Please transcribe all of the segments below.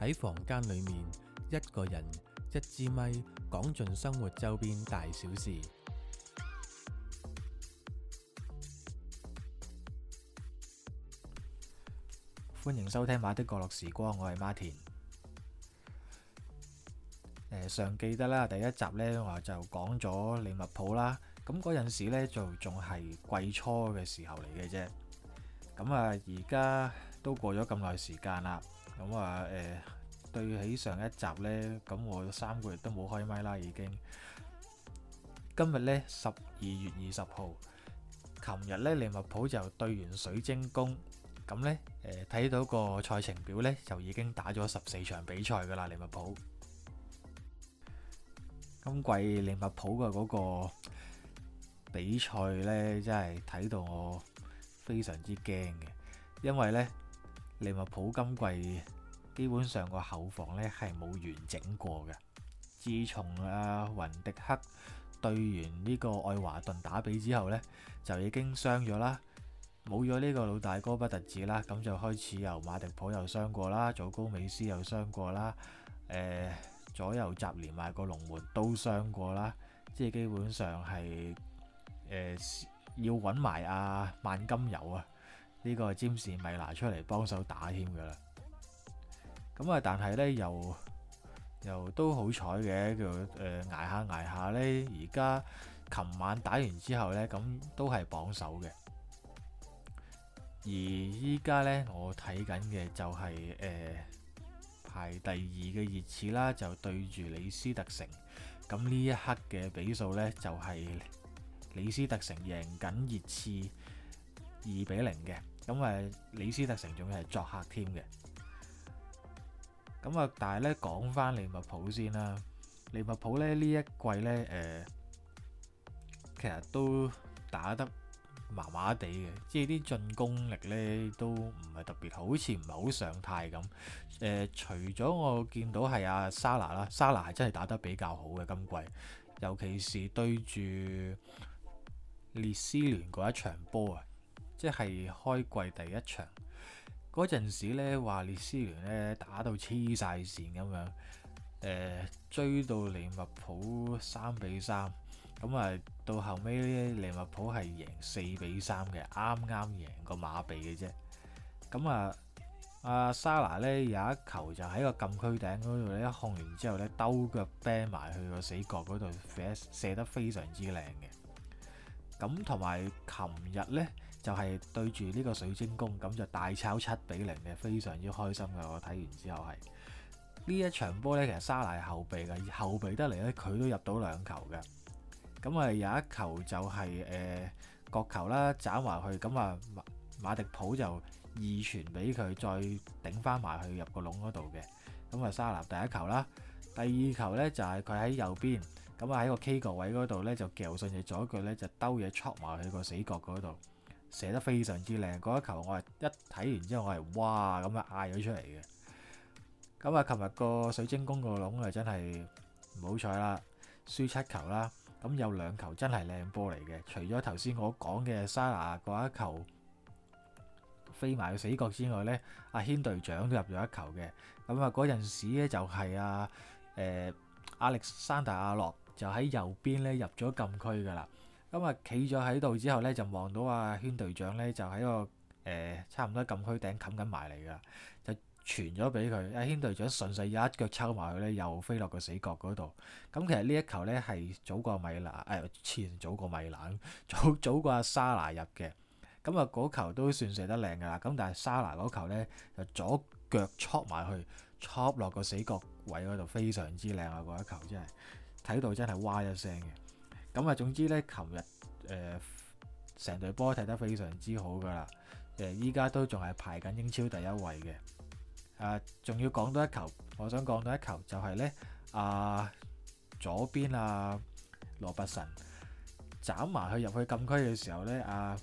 喺房間裏面，一個人一支咪，講盡生活周邊大小事。歡迎收聽《馬的角落時光》，我係馬田。誒，上記得啦，第一集呢，我就講咗利物浦啦。咁嗰陣時呢，就仲係季初嘅時候嚟嘅啫。咁啊，而家都過咗咁耐時間啦。咁啊，誒對起上一集呢，咁我三個月都冇開麥咪啦，已經。今日呢，十二月二十號，琴日呢，利物浦就對完水晶宮，咁呢，誒睇到個賽程表呢，就已經打咗十四場比賽㗎喇，利物浦。今季利物浦嘅嗰個比賽呢，真係睇到我非常之驚嘅，因為呢。利物浦今季基本上個後防呢係冇完整過嘅。自從阿雲迪克對完呢個愛華頓打比之後呢，就已經傷咗啦，冇咗呢個老大哥不特止啦。咁就開始由馬迪普又傷過啦，祖高美斯又傷過啦，誒，左右閘連埋個龍門都傷過啦。即係基本上係誒、呃、要揾埋阿萬金油啊！呢個占士咪拿出嚟幫手打添㗎喇，咁啊，但係呢，又又都好彩嘅，叫誒、呃、捱下捱下呢，而家琴晚打完之後呢，咁都係榜首嘅。而依家呢，我睇緊嘅就係、是、誒、呃、排第二嘅熱刺啦，就對住李斯特城。咁呢一刻嘅比數呢，就係、是、李斯特城贏緊熱刺。二比零嘅咁誒，李斯特城仲要係作客添嘅。咁啊，但係咧講翻利物浦先啦。利物浦咧呢一季咧誒、呃，其實都打得麻麻地嘅，即係啲進攻力咧都唔係特別好，好似唔係好上態咁。誒、呃，除咗我見到係阿沙拿啦，沙拿係真係打得比較好嘅今季，尤其是對住列斯聯嗰一場波啊。即係開季第一場嗰陣時咧，話列斯聯咧打到黐晒線咁樣，誒、呃、追到利物浦三比三咁啊，到後尾，利物浦係贏四比三嘅，啱啱贏過馬比嘅啫。咁、嗯、啊，阿莎拿咧有一球就喺個禁區頂嗰度咧一控完之後咧兜腳啤埋去個死角嗰度，射得非常之靚嘅。咁同埋琴日咧。就係對住呢個水晶宮咁就大炒七比零嘅，0, 非常之開心嘅。我睇完之後係呢一場波咧，其實沙拿係後備嘅後備得嚟咧，佢都入到兩球嘅。咁啊，有一球就係、是、誒、呃、角球啦，斬埋去咁啊馬，馬迪普就二傳俾佢，再頂翻埋去入個籠嗰度嘅。咁啊，沙拿第一球啦，第二球咧就係佢喺右邊咁啊喺個 K 角位嗰度咧就攪上去，左腳咧就兜嘢戳埋去個死角嗰度。射得非常之靚，嗰一球我係一睇完之後，我係哇咁啊嗌咗出嚟嘅。咁、嗯、啊，琴日個水晶宮個籠啊真係唔好彩啦，輸七球啦。咁、嗯、有兩球真係靚波嚟嘅，除咗頭先我講嘅沙拿嗰一球飛埋去死角之外咧，阿、啊、軒隊長都入咗一球嘅。咁、嗯、啊嗰陣時咧就係阿誒阿歷山大阿洛就喺右邊咧入咗禁區噶啦。咁、嗯、啊，企咗喺度之後咧，就望到阿軒隊長咧，就喺個誒差唔多禁區頂冚緊埋嚟噶，就傳咗俾佢。阿、啊、軒隊長順勢一腳抽埋佢咧，又飛落個死角嗰度。咁、嗯、其實呢一球咧係早過米蘭誒，前早過米蘭，早、哎、早過阿沙拿入嘅。咁啊，嗰球都算射得靚噶啦。咁但係沙拿嗰球咧，就左腳戳埋去，戳落個死角位嗰度，非常之靚啊！嗰、那、一、個、球真係睇到真係哇一聲嘅。咁啊，總之咧，琴日誒成隊波踢得非常之好噶啦。誒、呃，依家都仲係排緊英超第一位嘅。誒、呃，仲要講多一球，我想講多一球就係咧，阿、呃、左邊啊，羅拔臣斬埋去入去禁區嘅時候咧，阿、啊、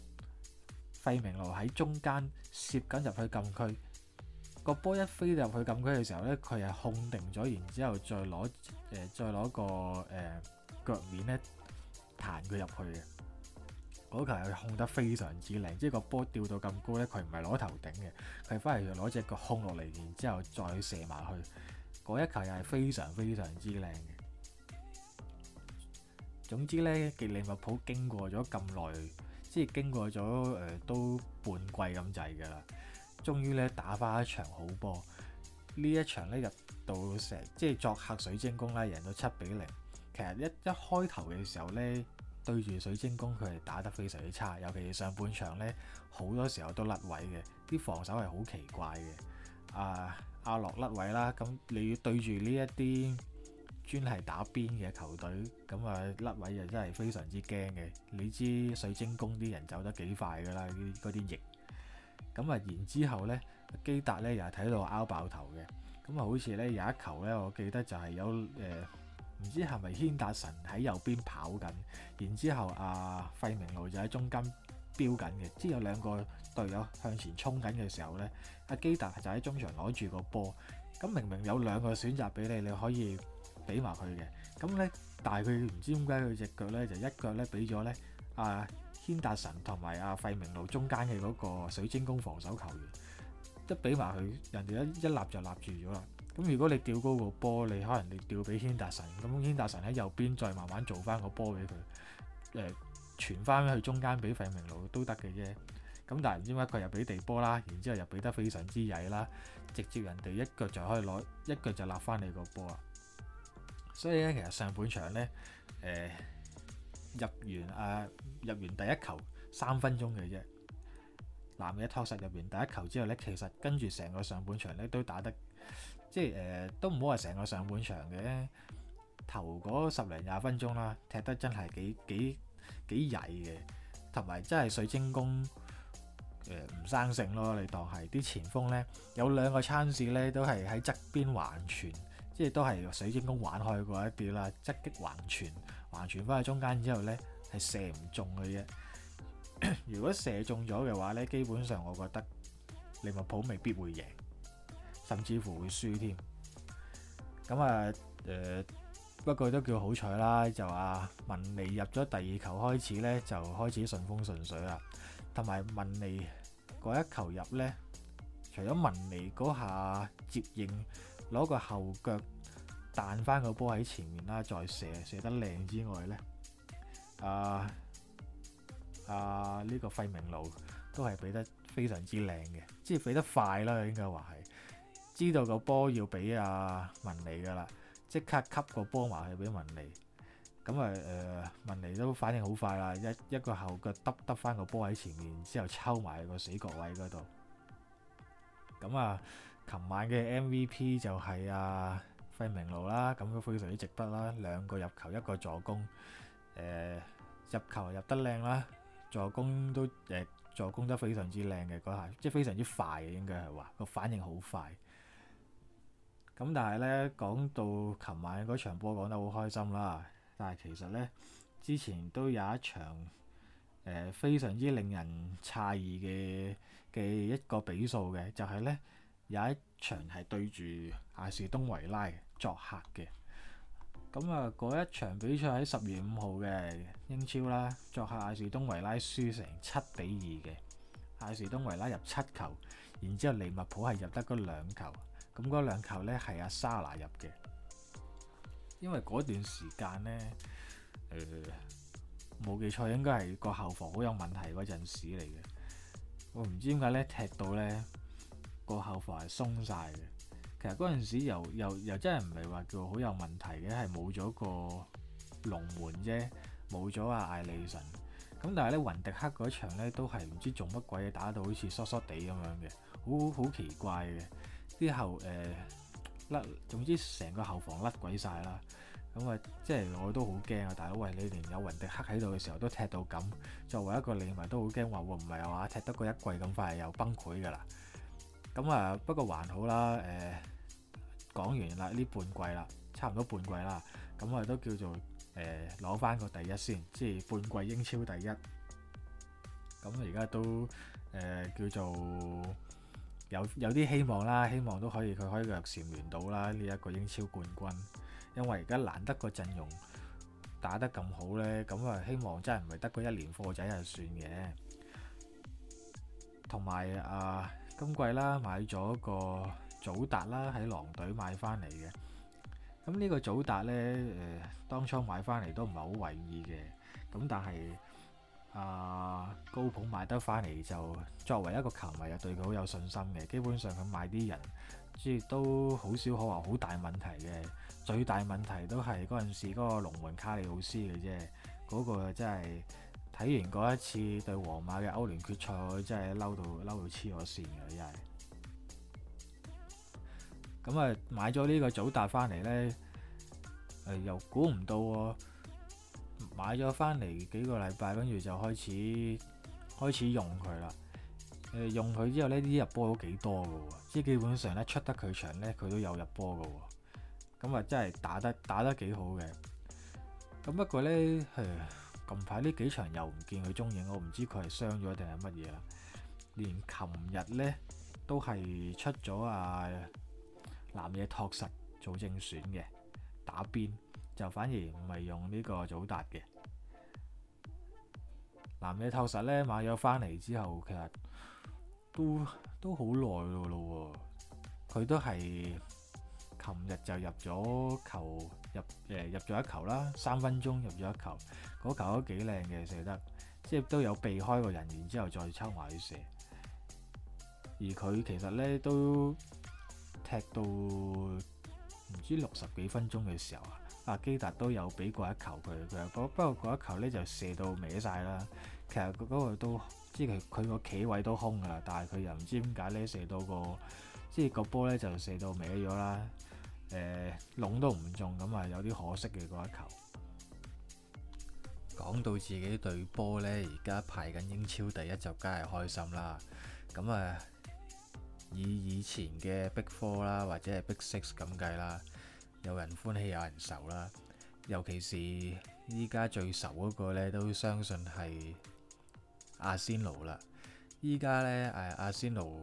費明路喺中間攝緊入去禁區。個波一飛入去禁區嘅時候咧，佢係控定咗，然之後再攞誒、呃、再攞個誒、呃、腳面咧。彈佢入去嘅，嗰球係控得非常之靚，即係個波掉到咁高咧，佢唔係攞頭頂嘅，佢返嚟就攞隻腳控落嚟，然之後再射埋去，嗰一球又係非常非常之靚嘅。總之咧，利物浦經過咗咁耐，即係經過咗誒、呃、都半季咁滯噶啦，終於咧打返一場好波。呢一場咧入到成即係作客水晶宮啦，贏到七比零。0, 其實一一開頭嘅時候呢，對住水晶宮佢係打得非常之差，尤其是上半場呢，好多時候都甩位嘅，啲防守係好奇怪嘅。啊，阿洛甩位啦，咁你要對住呢一啲專係打邊嘅球隊，咁啊甩位就真係非常之驚嘅。你知水晶宮啲人走得幾快㗎啦？啲嗰啲翼，咁啊，然之後呢基達呢又係睇到拗爆頭嘅，咁啊，好似呢有一球呢，我記得就係有誒。呃唔知係咪軒達臣喺右邊跑緊，然之後阿、啊、費明路就喺中間標緊嘅。即有兩個隊友向前衝緊嘅時候咧，阿基達就喺中場攞住個波。咁明明有兩個選擇俾你，你可以俾埋佢嘅。咁咧，但係佢唔知點解佢隻腳咧就一腳咧俾咗咧阿軒達臣同埋阿費明路中間嘅嗰個水晶宮防守球員，一俾埋佢，人哋一一立就立住咗啦。咁如果你吊高個波，你可能你吊俾軒達臣。咁，軒達臣喺右邊再慢慢做翻個波俾佢，誒傳翻去中間俾費明路都得嘅啫。咁但係唔知點解佢又俾地波啦，然之後又俾得非常之曳啦，直接人哋一腳就可以攞一腳就立翻你個波啊！所以咧，其實上半場咧，誒、呃、入完啊入完第一球三分鐘嘅啫，男嘅偷實入完第一球之後咧，其實跟住成個上半場咧都打得。即係誒，都唔好話成個上半場嘅頭嗰十零廿分鐘啦，踢得真係幾幾幾曳嘅，同埋真係水晶宮誒唔生性咯。你當係啲前鋒咧，有兩個 chance 咧，都係喺側邊橫傳，即係都係水晶宮玩開嗰一啲啦，側擊橫傳，橫傳翻去中間之後咧，係射唔中嘅啫。 如果射中咗嘅話咧，基本上我覺得利物浦未必會贏。甚至乎會輸添咁啊！誒不過都叫好彩啦。就阿文尼入咗第二球開始咧，就開始順風順水啦。同埋文尼嗰一球入咧，除咗文尼嗰下接應攞個後腳彈翻個波喺前面啦，再射射得靚之外咧，啊啊呢個費明路都係比得非常之靚嘅，即係比得快啦，應該話係。知道個波要俾阿文尼㗎喇，即刻吸個波埋去俾文尼。咁啊，誒文尼都反應好快啦，一一個後腳揼揼翻個波喺前面，之後抽埋個死角位嗰度。咁啊，琴晚嘅 MVP 就係阿費明路啦，咁都非常之值得啦。兩個入球，一個助攻，誒入球入得靚啦，助攻都誒助攻得非常之靚嘅嗰下，即係非常之快嘅，應該係話個反應好快。咁但係咧，講到琴晚嗰場波講得好開心啦！但係其實咧，之前都有一場誒、呃、非常之令人詫異嘅嘅一個比數嘅，就係、是、咧有一場係對住艾士東維拉作客嘅。咁啊，嗰一場比賽喺十月五號嘅英超啦，作客艾士東維拉輸成七比二嘅，艾士東維拉入七球，然之後利物浦係入得嗰兩球。咁嗰兩球咧係阿沙拿入嘅，因為嗰段時間咧，誒、呃、冇記錯應該係個後防好有問題嗰陣時嚟嘅。我、嗯、唔知點解咧踢到咧個後防係鬆晒嘅。其實嗰陣時又又又真係唔係話叫好有問題嘅，係冇咗個龍門啫，冇咗阿艾利臣。咁、嗯、但係咧雲迪克嗰場咧都係唔知做乜鬼嘢，打到好似疏疏地咁樣嘅，好好奇怪嘅。之後誒甩、呃，總之成個後防甩鬼晒啦。咁啊，即係我都好驚啊！大佬，喂，你連有雲迪克喺度嘅時候都踢到咁，作為一個利迷都好驚話，唔係話踢得過一季咁快又崩潰噶啦？咁啊，不過還好啦。誒、呃，講完啦，呢半季啦，差唔多半季啦。咁啊，我哋都叫做誒攞翻個第一先，即係半季英超第一。咁而家都誒、呃、叫做。有有啲希望啦，希望都可以佢可以弱蟬聯到啦呢一、這個英超冠軍，因為而家難得個陣容打得咁好呢。咁啊，希望真係唔係得個一年貨仔就算嘅。同埋啊，今季啦，買咗個祖達啦，喺狼隊買翻嚟嘅。咁、這、呢個祖達呢，誒、呃、當初買翻嚟都唔係好為意嘅，咁但係。啊，高普買得翻嚟就作為一個球迷又對佢好有信心嘅，基本上佢買啲人即係都少好少可話好大問題嘅，最大問題都係嗰陣時嗰個龍門卡里奧斯嘅啫，嗰、嗰個真係睇完嗰一次對皇馬嘅歐聯決賽，真係嬲到嬲到黐我線嘅真係。咁啊買咗呢個組搭翻嚟呢，誒、呃、又估唔到喎、哦。買咗翻嚟幾個禮拜，跟住就開始開始用佢啦。誒、呃、用佢之後呢，啲入波都幾多嘅喎，即係基本上咧出得佢場咧，佢都有入波嘅喎。咁啊，真係打得打得幾好嘅。咁不過咧，誒近排呢幾場又唔見佢蹤影，我唔知佢係傷咗定係乜嘢啦。連琴日咧都係出咗啊南野拓實做正選嘅打邊。就反而唔係用呢個組搭嘅南野透實呢，買咗返嚟之後，其實都都好耐咯。佢都係琴日就入咗球，入誒、欸、入咗一球啦，三分鐘入咗一球，嗰球都幾靚嘅射得，即係都有避開個人，然之後再抽埋去射。而佢其實呢，都踢到唔知六十幾分鐘嘅時候啊。阿基達都有俾過一球佢，佢不過嗰一球咧就射到歪晒啦。其實嗰嗰個都即係佢佢個企位都空噶啦，但係佢又唔知點解咧射到個即係個波咧就射到歪咗啦。誒、呃、龍都唔中，咁啊有啲可惜嘅嗰一球。講到自己隊波咧，而家排緊英超第一就梗係開心啦。咁啊以以前嘅 Big Four 啦，或者係 Big Six 咁計啦。有人歡喜，有人愁啦。尤其是依家最愁嗰個呢，都相信係阿仙奴啦。依家呢，阿仙奴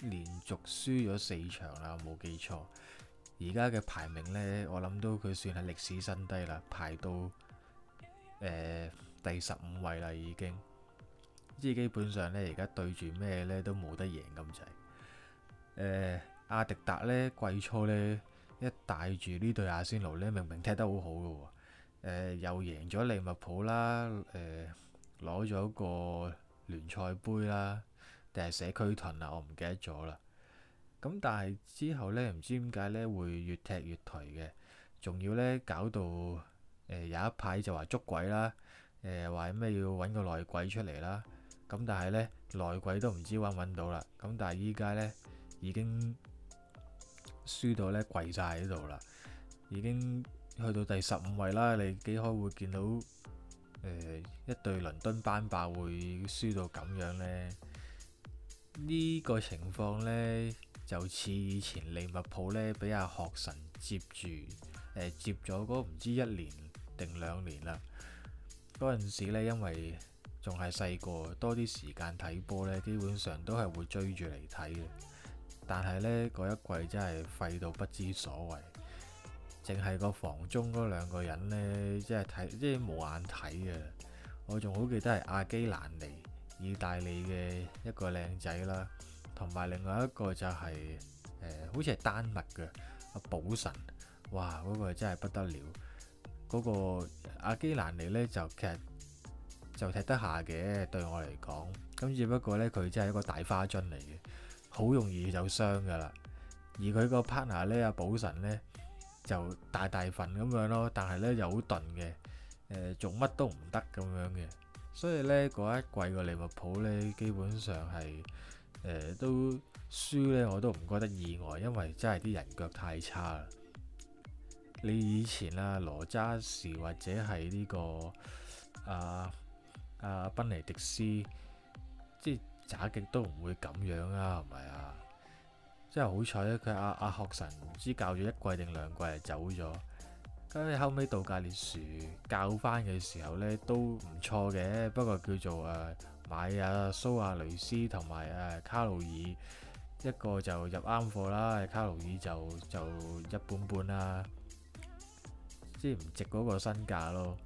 連續輸咗四場啦，冇記錯。而家嘅排名呢，我諗都佢算係歷史新低啦，排到、呃、第十五位啦，已經。即係基本上呢，而家對住咩呢都冇得贏咁滯。誒、呃、阿迪達呢，季初呢。一帶住呢對阿仙奴呢，明明踢得好好嘅喎，又贏咗利物浦啦，呃、攞咗個聯賽杯啦，定係社區盾啊，我唔記得咗啦。咁但係之後呢，唔知點解呢，會越踢越頹嘅，仲要呢搞到有一派就話捉鬼啦，誒話咩要揾個內鬼出嚟啦。咁但係呢，內鬼都唔知揾唔揾到啦。咁但係依家呢，已經。輸到咧跪晒喺度啦，已經去到第十五位啦。你幾可能會見到誒、呃、一隊倫敦班霸會輸到咁樣呢？呢、呢個情況呢，就似以前利物浦呢俾阿學神接住誒、呃、接咗嗰唔知一年定兩年啦。嗰陣時咧，因為仲係細個，多啲時間睇波呢，基本上都係會追住嚟睇嘅。但係呢，嗰一季真係廢到不知所謂，淨係個房中嗰兩個人呢，即係睇即係冇眼睇啊。我仲好記得係阿基蘭尼，意大利嘅一個靚仔啦，同埋另外一個就係、是、誒、呃，好似係丹麥嘅阿保臣。哇，嗰、那個真係不得了。嗰、那個阿基蘭尼呢，就其實就踢得下嘅，對我嚟講，咁只不過呢，佢真係一個大花樽嚟嘅。好容易就傷嘅啦，而佢個 partner 呢，阿保神呢，就大大份咁樣咯，但係呢，又好鈍嘅，做乜都唔得咁樣嘅，所以呢，嗰一季嘅利物浦呢，基本上係、呃、都輸呢，我都唔覺得意外，因為真係啲人腳太差啦。你以前啊羅渣士或者係呢個啊阿、啊、賓尼迪斯，即打極都唔會咁樣啊，係咪啊？即係好彩咧，佢阿阿學神唔知教咗一季定兩季就走咗。跟住後尾度假列樹教翻嘅時候咧，都唔錯嘅。不過叫做誒、呃、買阿、啊、蘇亞、啊、雷斯同埋誒卡路爾，一個就入啱貨啦。卡路爾就就一般般啦，即係唔值嗰個身價咯。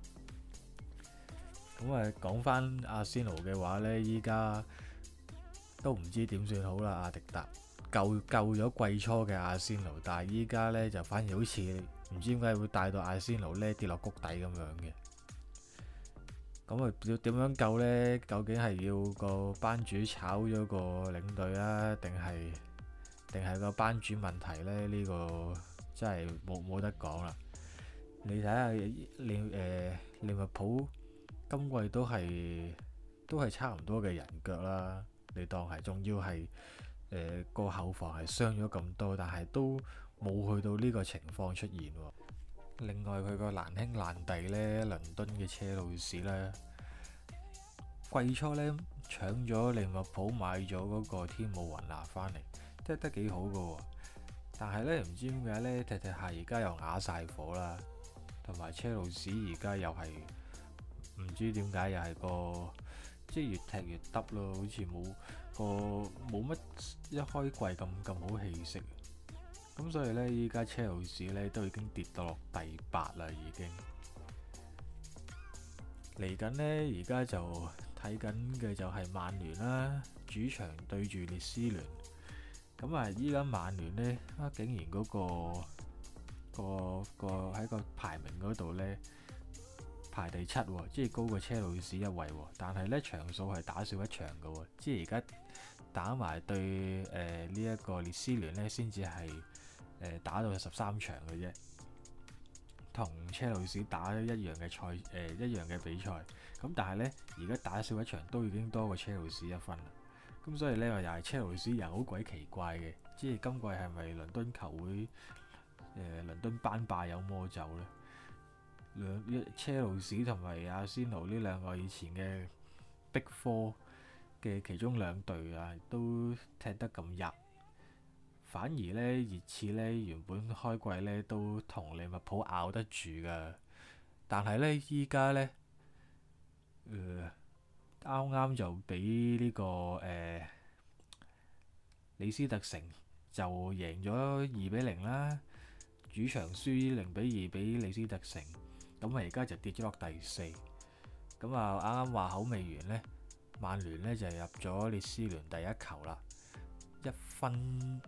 咁誒講翻阿仙奴嘅話咧，依家。都唔知點算好啦。阿迪達救救咗季初嘅阿仙奴，但係依家呢，就反而好似唔知點解會帶到阿仙奴呢跌落谷底咁樣嘅。咁啊點點樣救呢？究竟係要個班主炒咗個領隊啊？定係定係個班主問題呢？呢、呢個真係冇冇得講啦。你睇下，連誒、呃、利物浦今季都係都係差唔多嘅人腳啦。你當係仲要係誒個後防係傷咗咁多，但係都冇去到呢個情況出現喎、哦。另外佢個難兄難弟呢，倫敦嘅車路士呢，季初呢搶咗利物浦買咗嗰個天武雲拿翻嚟，踢得幾好嘅喎、哦，但係呢，唔知點解呢，踢踢下而家又啞晒火啦，同埋車路士而家又係唔知點解又係個。即係越踢越耷咯，好似冇個冇乜一開季咁咁好氣息，咁所以呢，依家車路士呢都已經跌到落第八啦，已經嚟緊呢，而家就睇緊嘅就係曼聯啦，主場對住列斯聯，咁啊依家曼聯呢，啊竟然嗰、嗰個、嗰個、嗰個喺、嗰個、個排名嗰度呢。排第七喎，即係高過車路士一位喎，但係呢場數係打少一場嘅喎，即係而家打埋對誒呢一個列斯聯呢，先至係誒打到十三場嘅啫，同車路士打一樣嘅賽誒、呃、一樣嘅比賽，咁但係呢，而家打少一場都已經多過車路士一分啦，咁所以呢咧又係車路士又好鬼奇怪嘅，即係今季係咪倫敦球會誒、呃、倫敦班霸有魔咒呢？兩一車路士同埋阿仙奴呢兩個以前嘅 Big Four 嘅其中兩隊啊，都踢得咁入。反而呢，熱刺呢，原本開季呢都同利物浦咬得住噶，但係呢，依家呢，誒啱啱就俾呢、這個誒李、呃、斯特城就贏咗二比零啦，主場輸零比二俾李斯特城。咁啊，而家就跌咗落第四。咁啊，啱啱話口未完呢，曼聯呢就入咗列斯聯第一球啦，一分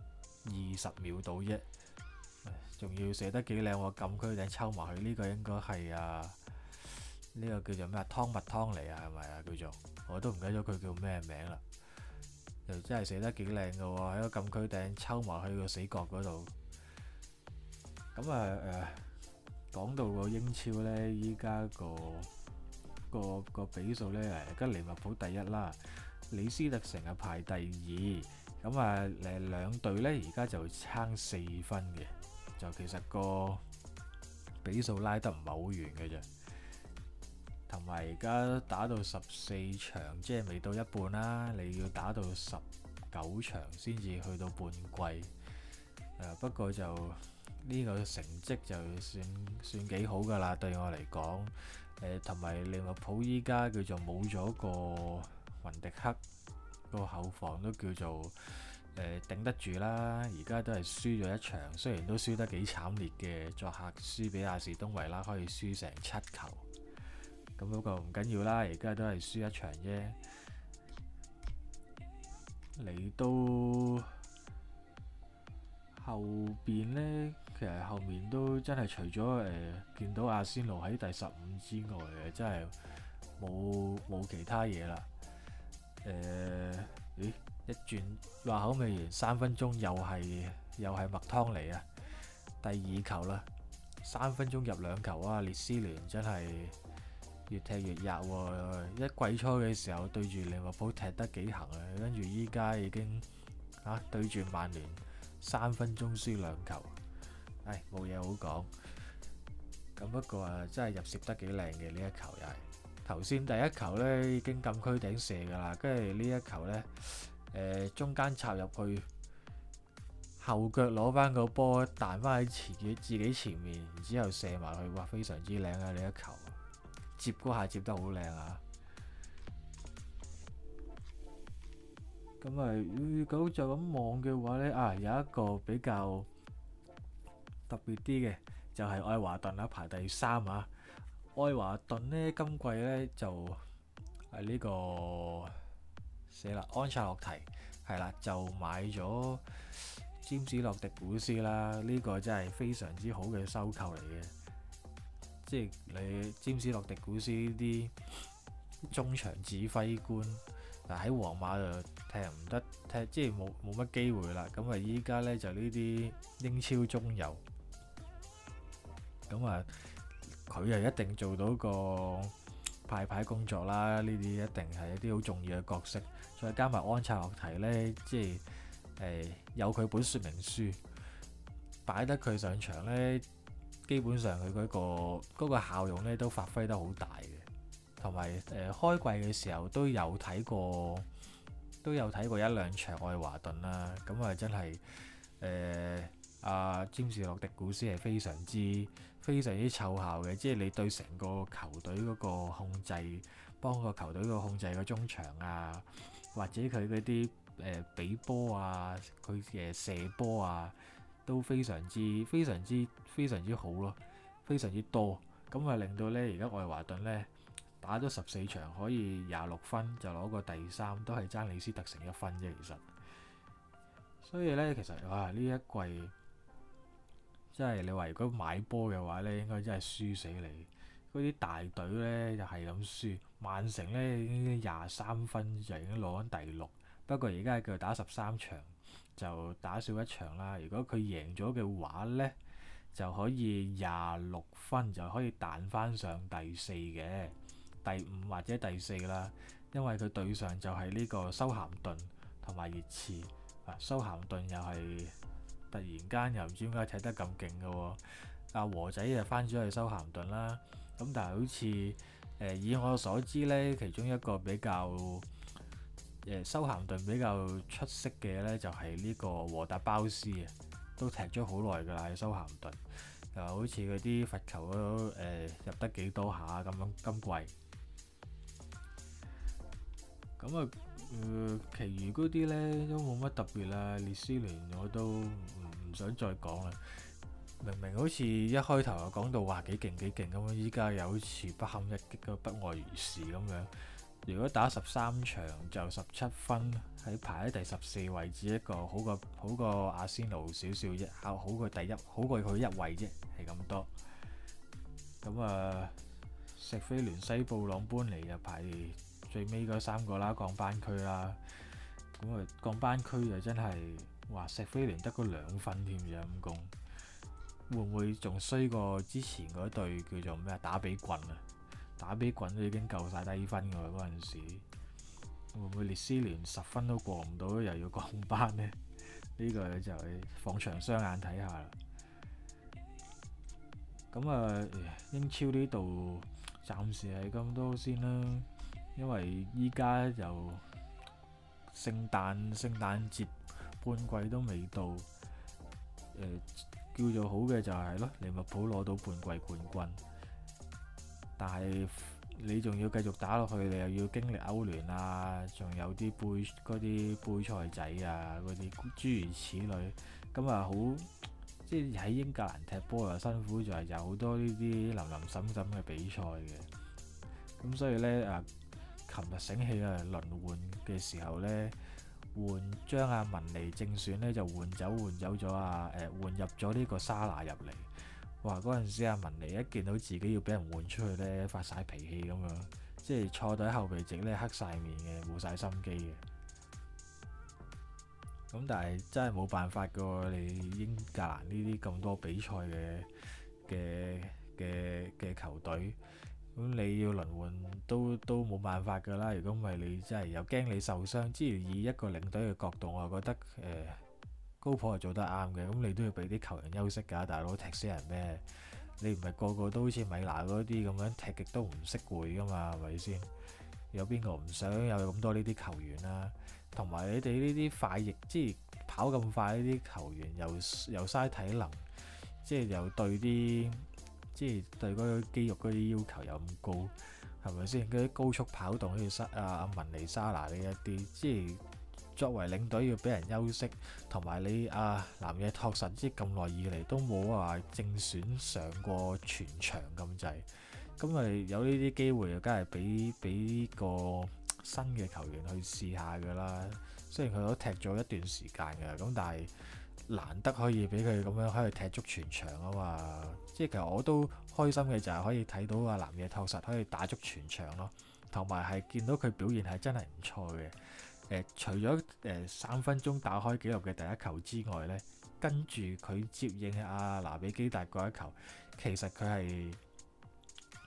二十秒到啫，仲要射得幾靚喎！禁區頂抽埋去，呢個應該係啊，呢個叫做咩湯物湯嚟啊，係咪啊？叫做我都唔記得咗佢叫咩名啦，又真係射得幾靚㗎喎！喺個禁區頂抽埋去個死角嗰度，咁啊誒。講到個英超呢，依家個個個比數呢，誒，跟利物浦第一啦，李斯特城啊排第二，咁啊誒兩隊呢，而家就爭四分嘅，就其實個比數拉得唔係好遠嘅啫，同埋而家打到十四場，即係未到一半啦，你要打到十九場先至去到半季，不過就。呢個成績就算算幾好㗎啦，對我嚟講，誒同埋利物浦依家叫做冇咗個雲迪克，個後防都叫做誒頂、呃、得住啦。而家都係輸咗一場，雖然都輸得幾慘烈嘅，作客輸俾亞士東維拉，可以輸成七球。咁嗰個唔緊要啦，而家都係輸一場啫。嚟到後邊呢。其實後面都真係除咗誒、呃、見到阿仙奴喺第十五之外嘅，真係冇冇其他嘢啦。誒、呃，咦？一轉話口未完，三分鐘又係又係麥湯嚟啊！第二球啦，三分鐘入兩球啊！列斯聯真係越踢越入喎、啊。一季初嘅時候對住利物浦踢得幾行啊，跟住依家已經嚇、啊、對住曼聯三分鐘輸兩球。唉，冇嘢好講。咁不過啊，真係入攝得幾靚嘅。呢一球又係頭先第一球咧，已經禁區頂射㗎啦，跟住呢一球咧，誒中間插入去後腳攞翻個波彈翻喺自己自己前面，然之後射埋去，哇非常之靚啊！呢一球接嗰下接得好靚啊！咁咪如果就咁望嘅話咧啊，有一個比較。特別啲嘅就係愛華頓啊，排第三啊。愛華頓呢今季呢就係呢個死啦安查洛提係啦，就買咗占士洛迪古斯啦。呢個真係非常之好嘅收購嚟嘅，即係你占士洛迪古斯呢啲中場指揮官，嗱喺皇馬就踢唔得踢，即係冇冇乜機會啦。咁啊，依家呢就呢啲英超中游。咁啊，佢又一定做到個派派工作啦，呢啲一定係一啲好重要嘅角色。再加埋安察洛堤呢，即係、呃、有佢本說明書，擺得佢上場呢，基本上佢嗰、嗰個嗰個效用呢都發揮得好大嘅。同埋誒開季嘅時候都有睇過，都有睇過一兩場愛華頓啦。咁啊真係誒。呃啊，詹士洛迪古斯係非常之非常之湊效嘅，即係你對成個球隊嗰個控制，幫個球隊個控制個中場啊，或者佢嗰啲誒俾波啊，佢嘅射波啊都非常之非常之非常之好咯，非常之多，咁啊令到呢，而家愛華頓呢，打咗十四場可以廿六分就攞個第三，都係爭李斯特成一分啫，其實，所以呢，其實哇呢、啊、呢一季。即係你話如果買波嘅話咧，應該真係輸死你。嗰啲大隊咧就係咁輸，曼城咧已經廿三分就已經攞緊第六。不過而家叫打十三場，就打少一場啦。如果佢贏咗嘅話咧，就可以廿六分就可以彈翻上第四嘅，第五或者第四啦。因為佢對上就係呢個修咸頓同埋熱刺，啊修咸頓又係。突然間又唔知點解踢得咁勁嘅喎，阿和仔就翻咗去修咸頓啦。咁但係好似誒、呃、以我所知咧，其中一個比較誒修咸頓比較出色嘅咧，就係、是、呢個和達包斯啊，都踢咗好耐嘅啦，喺修咸頓。又好似佢啲罰球都誒、呃、入得幾多下咁樣今季。咁啊，誒、呃，其餘嗰啲咧都冇乜特別啦。列斯聯我都想再講啦，明明好似一開頭又講到話幾勁幾勁咁，依家又好似不堪一擊，不外如是咁樣。如果打十三場就十七分，喺排喺第十四位置，一個好過好過阿仙奴少少啫，好過第一，好過佢一位啫，係咁多。咁啊，錫菲聯西布朗般尼就排最尾嗰三個啦，降班區啦。咁啊，降班區就真係～話石飛聯得嗰兩分添啫，陰公會唔會仲衰過之前嗰隊叫做咩啊，打比棍啊？打比棍都已經夠晒低分噶啦。嗰陣時會唔會列斯聯十分都過唔到，又要降班呢？呢 個就係放長雙眼睇下啦。咁啊，英超呢度暫時係咁多先啦，因為依家就聖誕聖誕節。半季都未到，誒、呃、叫做好嘅就係、是、咯，利物浦攞到半季冠軍。但係你仲要繼續打落去，你又要經歷歐聯啊，仲有啲杯，嗰啲杯賽仔啊，嗰啲諸如此類。咁、嗯、啊，好，即係喺英格蘭踢波又辛苦，就係有好多呢啲林林審審嘅比賽嘅。咁、嗯、所以咧，誒，琴日醒起啊，輪換嘅時候咧。換將阿文尼正選咧，就換走換走咗啊！誒，換入咗呢個沙拿入嚟。哇！嗰陣時阿文尼一見到自己要俾人換出去咧，發曬脾氣咁樣，即係坐喺後備席咧，黑曬面嘅，冇曬心機嘅。咁但係真係冇辦法㗎喎，你英格蘭呢啲咁多比賽嘅嘅嘅嘅球隊。咁你要輪換都都冇辦法㗎啦，如果唔係你真係又驚你受傷。之如以一個領隊嘅角度，我覺得誒高普係做得啱嘅。咁你都要俾啲球員休息㗎，大佬踢死人咩？你唔係個個都好似米娜嗰啲咁樣踢極都唔識攰㗎嘛，係咪先？有邊個唔想有咁多呢啲球員呀？同埋你哋呢啲快翼，即係跑咁快呢啲球員又又嘥體能，即係又對啲。即係對嗰個肌肉嗰啲要求又咁高，係咪先？嗰啲高速跑動好似沙啊、阿文尼、莎拿呢一啲，即係作為領隊要俾人休息，同埋你啊南野拓實即咁耐以嚟都冇話、啊、正選上過全場咁滯，咁咪有呢啲機會，梗係俾俾個新嘅球員去試下㗎啦。雖然佢都踢咗一段時間㗎，咁但係。難得可以俾佢咁樣可以踢足全場啊嘛！即係其實我都開心嘅，就係可以睇到啊南野拓實可以打足全場咯，同埋係見到佢表現係真係唔錯嘅。誒、呃，除咗誒、呃、三分鐘打開紀錄嘅第一球之外咧，跟住佢接應阿、啊、拿比基達嗰一球，其實佢係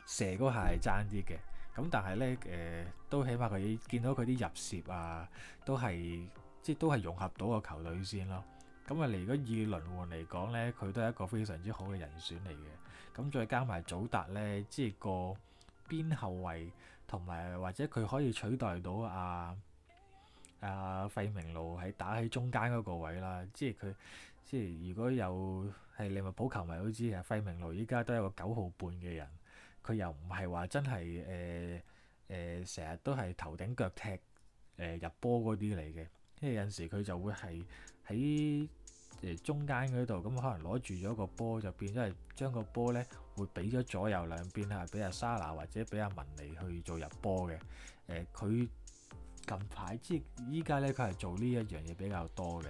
射嗰下係爭啲嘅。咁但係咧誒，都起碼佢見到佢啲入射啊，都係即係都係融合到個球隊先咯。咁啊，嚟嗰二輪換嚟講咧，佢都係一個非常之好嘅人選嚟嘅。咁再加埋祖達咧，即係個邊後衞，同埋或者佢可以取代到阿、啊、阿、啊、費明路喺打喺中間嗰個位啦。即係佢，即係如果有係利物浦球迷都知啊，費明路依家都有個九號半嘅人，佢又唔係話真係誒誒，成日，呃，呃，都係頭頂腳踢誒、呃、入波嗰啲嚟嘅。即係有陣時佢就會係喺中間嗰度咁，可能攞住咗個波，就變咗係將個波咧，會俾咗左右兩邊啊，俾阿沙拿或者俾阿文尼去做入波嘅。誒、呃，佢近排即係依家咧，佢係做呢一樣嘢比較多嘅。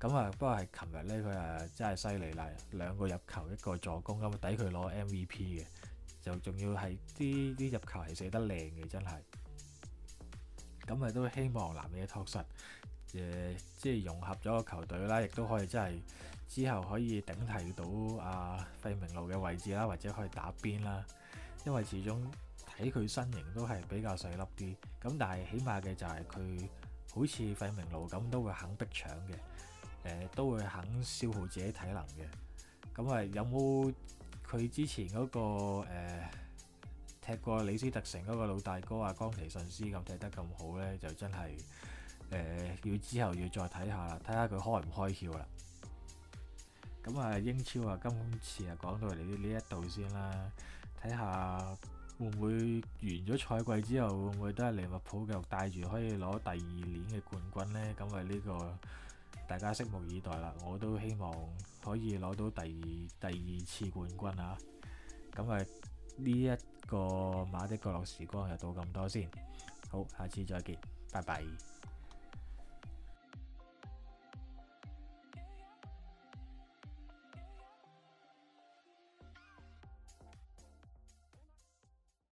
咁啊，不過係琴日咧，佢啊真係犀利啦，兩個入球一個助攻，咁啊抵佢攞 MVP 嘅，就仲要係啲啲入球係寫得靚嘅，真係。咁啊，都希望男嘢托實。誒，即係融合咗個球隊啦，亦都可以真係之後可以頂替到阿費明路嘅位置啦，或者可以打邊啦。因為始終睇佢身形都係比較細粒啲，咁但係起碼嘅就係佢好似費明路咁都會肯逼搶嘅，誒都會肯消耗自己體能嘅。咁、嗯、啊，有冇佢之前嗰、嗰個、呃、踢過李斯特城嗰個老大哥啊，岡崎慎司咁踢得咁好呢，就真係～誒，要、呃、之後要再睇下啦，睇下佢開唔開竅啦。咁啊，英超啊，今次啊講到嚟呢一度先啦，睇下會唔會完咗賽季之後會唔會都係利物浦繼續帶住可以攞第二年嘅冠軍呢？咁啊呢個大家拭目以待啦。我都希望可以攞到第二第二次冠軍啊！咁啊呢一個馬的角落，時光又到咁多先，好，下次再見，拜拜。